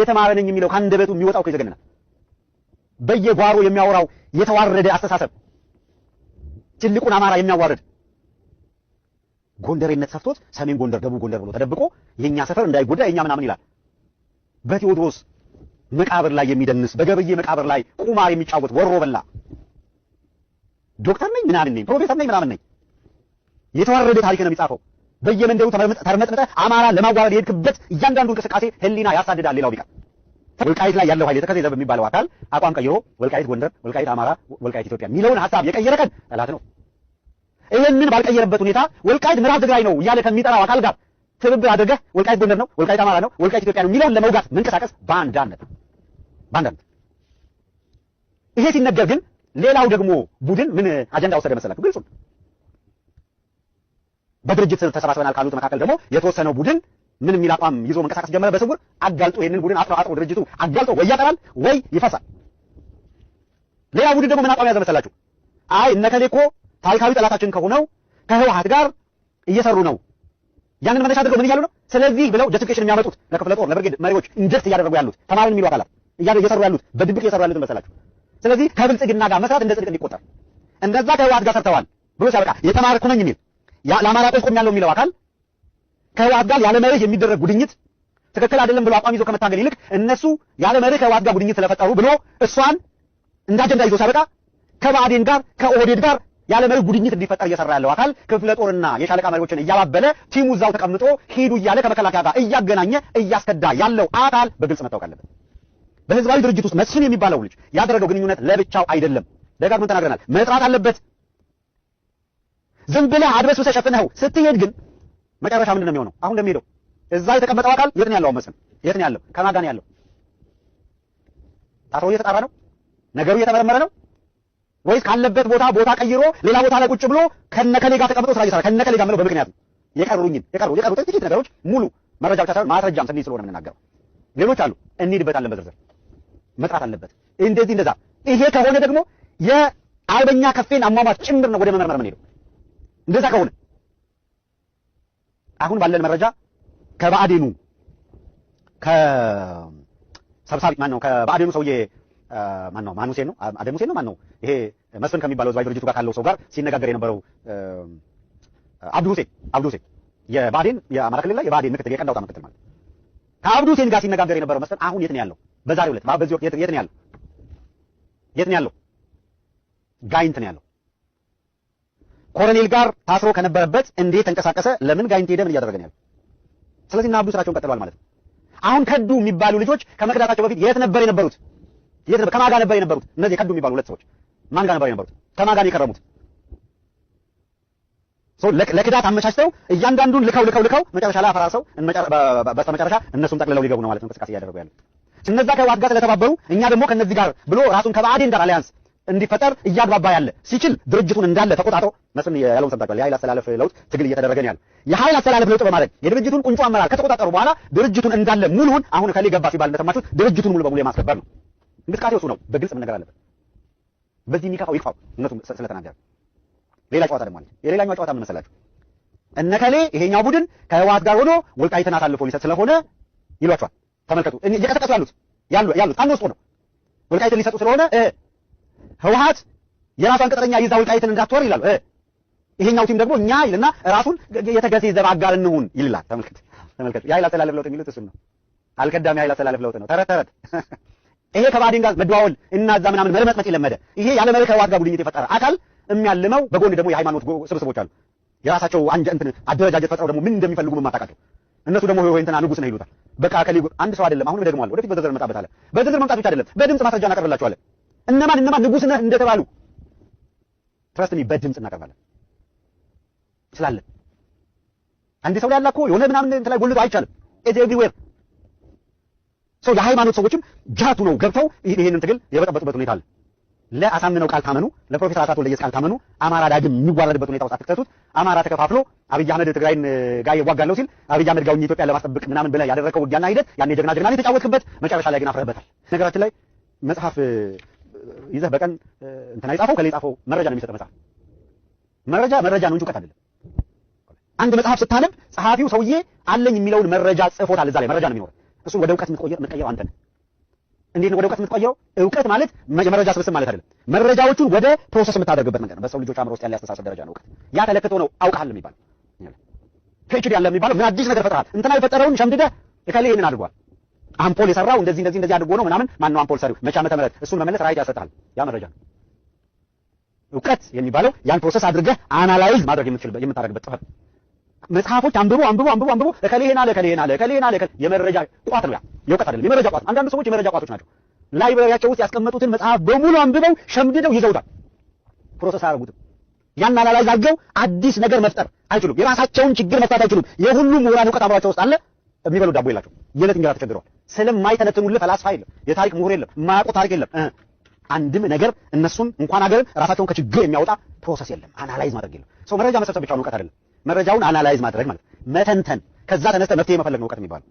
የተማረ ነኝ የሚለው ከአንደበቱ የሚወጣው ከዘገነና በየጓሮ የሚያወራው የተዋረደ አስተሳሰብ ትልቁን አማራ የሚያዋርድ ጎንደሬነት ሰፍቶት ሰሜን ጎንደር፣ ደቡብ ጎንደር ብሎ ተደብቆ የኛ ሰፈር እንዳይጎዳ የኛ ምናምን ይላል። በቴዎድሮስ መቃብር ላይ የሚደንስ በገበዬ መቃብር ላይ ቁማር የሚጫወት ወሮ በላ ዶክተር ነኝ ምናምን ነኝ ፕሮፌሰር ነኝ ምናምን ነኝ የተዋረደ ታሪክ ነው የሚጻፈው። በየመንደሩ ተርመጥምጠህ አማራ ለማዋረድ የሄድክበት እያንዳንዱ እንቅስቃሴ ህሊና ያሳድዳል። ሌላው ቢቀር ወልቃይት ላይ ያለው ኃይል የተከዜ ዘብ የሚባለው አካል አቋም ቀይሮ ወልቃይት ጎንደር፣ ወልቃይት አማራ፣ ወልቃይት ኢትዮጵያ የሚለውን ሀሳብ የቀየረ ቀን ጠላት ነው። ይህንን ባልቀየረበት ሁኔታ ወልቃይት ምዕራብ ትግራይ ነው እያለ ከሚጠራው አካል ጋር ትብብር አድርገህ ወልቃይት ጎንደር ነው፣ ወልቃይት አማራ ነው፣ ወልቃይት ኢትዮጵያ ነው የሚለውን ለመውጋት መንቀሳቀስ ባንዳነት ባንዳነት። ይሄ ሲነገር ግን ሌላው ደግሞ ቡድን ምን አጀንዳ ወሰደ መሰላችሁ? ግልጹ በድርጅት ተሰባስበናል ካሉት መካከል ደግሞ የተወሰነው ቡድን ምን የሚል አቋም ይዞ መንቀሳቀስ ጀመረ። በስውር አጋልጦ ይህንን ቡድን አጥሮ አጥሮ ድርጅቱ አጋልጦ ወይ ያጠራል ወይ ይፈሳል። ሌላ ቡድን ደግሞ ምን አቋም ያዘ መሰላችሁ? አይ እነከሌ እኮ ታሪካዊ ጠላታችን ከሆነው ከህወሓት ጋር እየሰሩ ነው። ያንን መነሻ አድርገው ምን እያሉ ነው? ስለዚህ ብለው ጀስቲፊኬሽን የሚያመጡት ለክፍለ ጦር ለብርጌድ መሪዎች ኢንጀስት እያደረጉ ያሉት ተማሪን የሚሉ አካላት እየሰሩ ያሉት በድብቅ እየሰሩ ያሉት መሰላችሁ። ስለዚህ ከብልጽግና ጋር መስራት እንደ ጽድቅ እንዲቆጠር እንደዛ ከህወሓት ጋር ሰርተዋል ብሎ ሲያበቃ የተማርኩ ነኝ የሚል ለአማራ ቄስ ቆሜያለሁ የሚለው አካል ከህወሓት ጋር ያለ መርህ የሚደረግ ጉድኝት ትክክል አይደለም ብሎ አቋም ይዞ ከመታገል ይልቅ እነሱ ያለ መርህ ከህወሓት ጋር ጉድኝት ስለፈጠሩ ብሎ እሷን እንደ አጀንዳ ይዞ ሲያበቃ ከብአዴን ጋር ከኦህዴድ ጋር ያለ መርህ ጉድኝት እንዲፈጠር እየሰራ ያለው አካል ክፍለ ጦርና የሻለቃ መሪዎችን እያባበለ ቲሙ እዛው ተቀምጦ ሂዱ እያለ ከመከላከያ ጋር እያገናኘ እያስከዳ ያለው አካል በግልጽ መታወቅ አለበት። በህዝባዊ ድርጅት ውስጥ መስፍን የሚባለው ልጅ ያደረገው ግንኙነት ለብቻው አይደለም። ደጋግመን ተናግረናል። መጥራት አለበት። ዝም ብለህ አድበስብሰህ ሸፍነኸው ስትሄድ ግን መጨረሻ ምንድን ነው የሚሆነው? አሁን እንደሚሄደው እዛ የተቀመጠው አካል የት ነው ያለው? አመፅን የት ነው ያለው? ከማን ጋር ነው ያለው? ታስሮ እየተጣራ ነው? ነገሩ እየተመረመረ ነው ወይስ ካለበት ቦታ ቦታ ቀይሮ ሌላ ቦታ ላይ ቁጭ ብሎ ከነከሌ ጋር ተቀምጦ ስራ ይሰራል? ከነከሌ ጋር ምለው በምክንያት የቀሩኝን የቀሩ የቀሩ ጥቂት ነገሮች ሙሉ መረጃ ብቻ ሳይሆን ማስረጃም ስንል ስለሆነ የምንናገረው ሌሎች አሉ። እንሂድበታለን፣ በዝርዝር መጥራት አለበት። እንደዚህ እንደዛ። ይሄ ከሆነ ደግሞ የአርበኛ ከፌን አሟሟት ጭምር ነው ወደ መመርመር የምንሄደው። እንደዛ ከሆነ አሁን ባለን መረጃ ከባዕዴኑ ከሰብሳቢ ማን ነው? ከባዕዴኑ ሰውዬ ማን ነው? ማን ሁሴን ነው? አደም ሁሴን ነው? ማን ነው? ይሄ መስፍን ከሚባለው ሕዝባዊ ድርጅቱ ጋር ካለው ሰው ጋር ሲነጋገር የነበረው አብዱ ሁሴን፣ አብዱ ሁሴን የባዕዴን የአማራ ክልል ላይ የባዕዴን ምክትል የቀንዳውጣ ምክትል ማለት ከአብዱ ሁሴን ጋር ሲነጋገር የነበረው መስፍን አሁን የት ነው ያለው? በዛሬው ዕለት በዚህ ወቅት የት ነው ያለው? የት ነው ያለው? ጋይንት ነው ያለው። ኮሎኔል ጋር ታስሮ ከነበረበት እንዴት ተንቀሳቀሰ? ለምን ጋይንት ሄደ? ምን እያደረገ ነው ያለው? ስለዚህ እና አብዱ ስራቸውን ቀጥለዋል ማለት ነው። አሁን ከዱ የሚባሉ ልጆች ከመቅዳታቸው በፊት የት ነበር የነበሩት? የት ነበር ከማጋ ነበር የነበሩት? እነዚህ ከዱ የሚባሉ ሁለት ሰዎች ማን ጋር ነበር የነበሩት? ከማጋ ጋር የከረሙት? ለክዳት አመቻችተው እያንዳንዱን ልከው ልከው ልከው መጨረሻ ላይ አፈራርሰው በስተመጨረሻ እነሱም ጠቅልለው ሊገቡ ነው ማለት ነው። እንቅስቃሴ እያደረጉ ያለው እነዛ ከህወሓት ጋር ስለተባበሩ እኛ ደግሞ ከነዚህ ጋር ብሎ ራሱን ከባዕዴን ጋር አሊያንስ እንዲፈጠር እያግባባ ያለ ሲችል ድርጅቱን እንዳለ ተቆጣጥሮ መስም ያለውን ሰምታችኋል። የኃይል አስተላለፍ ለውጥ ትግል እየተደረገን ያለ የኃይል አስተላለፍ ለውጥ በማድረግ የድርጅቱን ቁንጮ አመራር ከተቆጣጠሩ በኋላ ድርጅቱን እንዳለ ሙሉውን አሁን ከሌ ገባ ሲባል እንደሰማችሁት ድርጅቱን ሙሉ በሙሉ የማስከበር ነው እንቅስቃሴ እሱ ነው። በግልጽ መነገር አለበት። በዚህ የሚከፋው ይክፋው እነሱ ስለተናገረ። ሌላ ጨዋታ ደግሞ አለ። የሌላኛው ጨዋታ ምን መሰላችሁ? እነከሌ ይሄኛው ቡድን ከህወሓት ጋር ሆኖ ወልቃይትን አሳልፎ ሊሰጥ ስለሆነ ይሏቸዋል። ተመልከቱ፣ እየቀሰቀሱ ያሉት ያሉት ቃል ውስጡ ነው። ወልቃይትን ሊሰጡ ስለሆነ ህወሓት የራሷን ቅጥረኛ ይዛ ወልቃይትን እንዳትወር ይላሉ። ይሄኛው ቲም ደግሞ እኛ ይልና ራሱን የተገዜ ዘብ አጋር እንሁን ይላል። ተመልከት ተመልከቱ። የኃይል አሰላለፍ ለውጥ የሚሉት እሱን ነው። አልቀዳሚ የኃይል አሰላለፍ ለውጥ ነው። ተረት ተረት። ይሄ ከባዲን ጋር መደዋወል እና እዛ ምናምን መርመጥመጥ የለመደ ይሄ ያለ መሪ ከህወሓት ጋር ጉድኝት የፈጠረ አካል የሚያልመው በጎን ደግሞ የሃይማኖት ስብስቦች አሉ። የራሳቸው አንጀ እንትን አደረጃጀት ፈጥረው ደግሞ ምን እንደሚፈልጉ የማታውቃቸው እነሱ ደግሞ ወይ እንትና ንጉስ ነው ይሉታል። በቃ ከሊ አንድ ሰው አይደለም። አሁን ደግሞ አለ ወደፊት በዝርዝር መጣበታለን። በዝርዝር መምጣት ብቻ አይደለም፣ በድምጽ ማስረጃ እናቀርብላችኋለን። እነማን እነማን ንጉሥ ነህ እንደተባሉ ትረስት ሚ በድምፅ እናቀርባለን ስላለን አንድ ሰው ላይ ያላኮ የሆነ ምናምን እንትን ላይ ጎልቶ አይቻልም። ኢዝ ኤቭሪዌር ሰው የሃይማኖት ሰዎችም ጃቱ ነው ገብተው ይሄንን ትግል የበጠበጡበት ሁኔታ አለ። ለአሳምነው ቃል ታመኑ፣ ለፕሮፌሰር አስራት ለየስ ቃል ታመኑ። አማራ ዳግም የሚዋረድበት ሁኔታ ውስጥ አትክተቱት። አማራ ተከፋፍሎ አብይ አህመድ ትግራይን ጋር ይዋጋለሁ ሲል አብይ አህመድ ጋር ኢትዮጵያ ለማስጠበቅ ምናምን ብለህ ያደረከው ውጊያና ሂደት ያኔ ጀግና ጀግና የተጫወትክበት መጨረሻ ላይ ግን አፍረህበታል። ነገራችን ላይ መጽሐፍ ይዘህ በቀን እንትና የጻፈው ከሌ የጻፈው መረጃ ነው የሚሰጠው መጽሐፍ። መረጃ መረጃ ነው እንጂ እውቀት አይደለም። አንድ መጽሐፍ ስታነብ ጸሐፊው ሰውዬ አለኝ የሚለውን መረጃ ጽፎታል። እዛ ላይ መረጃ ነው የሚኖረው። እሱን ወደ እውቀት የምትቀይረው አንተ ነህ። እንዴት ወደ እውቀት የምትቀይረው? እውቀት ማለት መረጃ ስብስብ ማለት አይደለም። መረጃዎቹን ወደ ፕሮሰስ የምታደርግበት መንገድ ነው። በሰው ልጆች አእምሮ ውስጥ ያለ ያስተሳሰብ ደረጃ ነው እውቀት። ያ ተለክቶ ነው አውቃለሁ የሚባለው። ፒኤችዲ ያለ የሚባለው ምን አዲስ ነገር ፈጥረሃል? እንትና የፈጠረውን ሸምድደህ የካለ ይሄንን አድርጓል አምፖል የሰራው እንደዚህ እንደዚህ እንደዚህ አድርጎ ነው ምናምን። ማን ነው አምፖል ሰሪው? መቼ ዓመተ ምህረት? እሱን መመለስ ራይት ያሰጣል። ያ መረጃ ነው። እውቀት የሚባለው ያን ፕሮሰስ አድርገህ አናላይዝ ማድረግ የምትችልበት የምታደርግበት ጥበብ። መጽሐፎች አንብቡ አንብቡ አንብቡ አንብቡ። እከሌ ይሄን አለ እከሌ ይሄን አለ እከሌ ይሄን አለ። የመረጃ ቋት ነው ያ። የእውቀት አይደለም፣ የመረጃ ቋት። አንዳንድ ሰዎች የመረጃ ቋቶች ናቸው። ላይብራሪያቸው ውስጥ ያስቀመጡትን መጽሐፍ በሙሉ አንብበው ሸምድደው ይዘውታል። ፕሮሰስ አያደርጉትም። ያን አናላይዝ አድርገው አዲስ ነገር መፍጠር አይችሉም። የራሳቸውን ችግር መፍታት አይችሉም። የሁሉም ምሁራን እውቀት አምሯቸው ውስጥ አለ የሚበሉ ዳቦ የላቸው። የዕለት እንጀራ ተቸግረዋል። ስለማይተነትኑልህ ፈላስፋ የለም፣ የታሪክ ምሁር የለም፣ ማያውቁ ታሪክ የለም። አንድም ነገር እነሱም እንኳን ሀገር ራሳቸውን ከችግር የሚያወጣ ፕሮሰስ የለም። አናላይዝ ማድረግ የለም። ሰው መረጃ መሰብሰብ ብቻ ነው እውቀት አይደለም። መረጃውን አናላይዝ ማድረግ ማለት መተንተን፣ ከዛ ተነስተ መፍትሄ መፈለግ ነው እውቀት የሚባለው።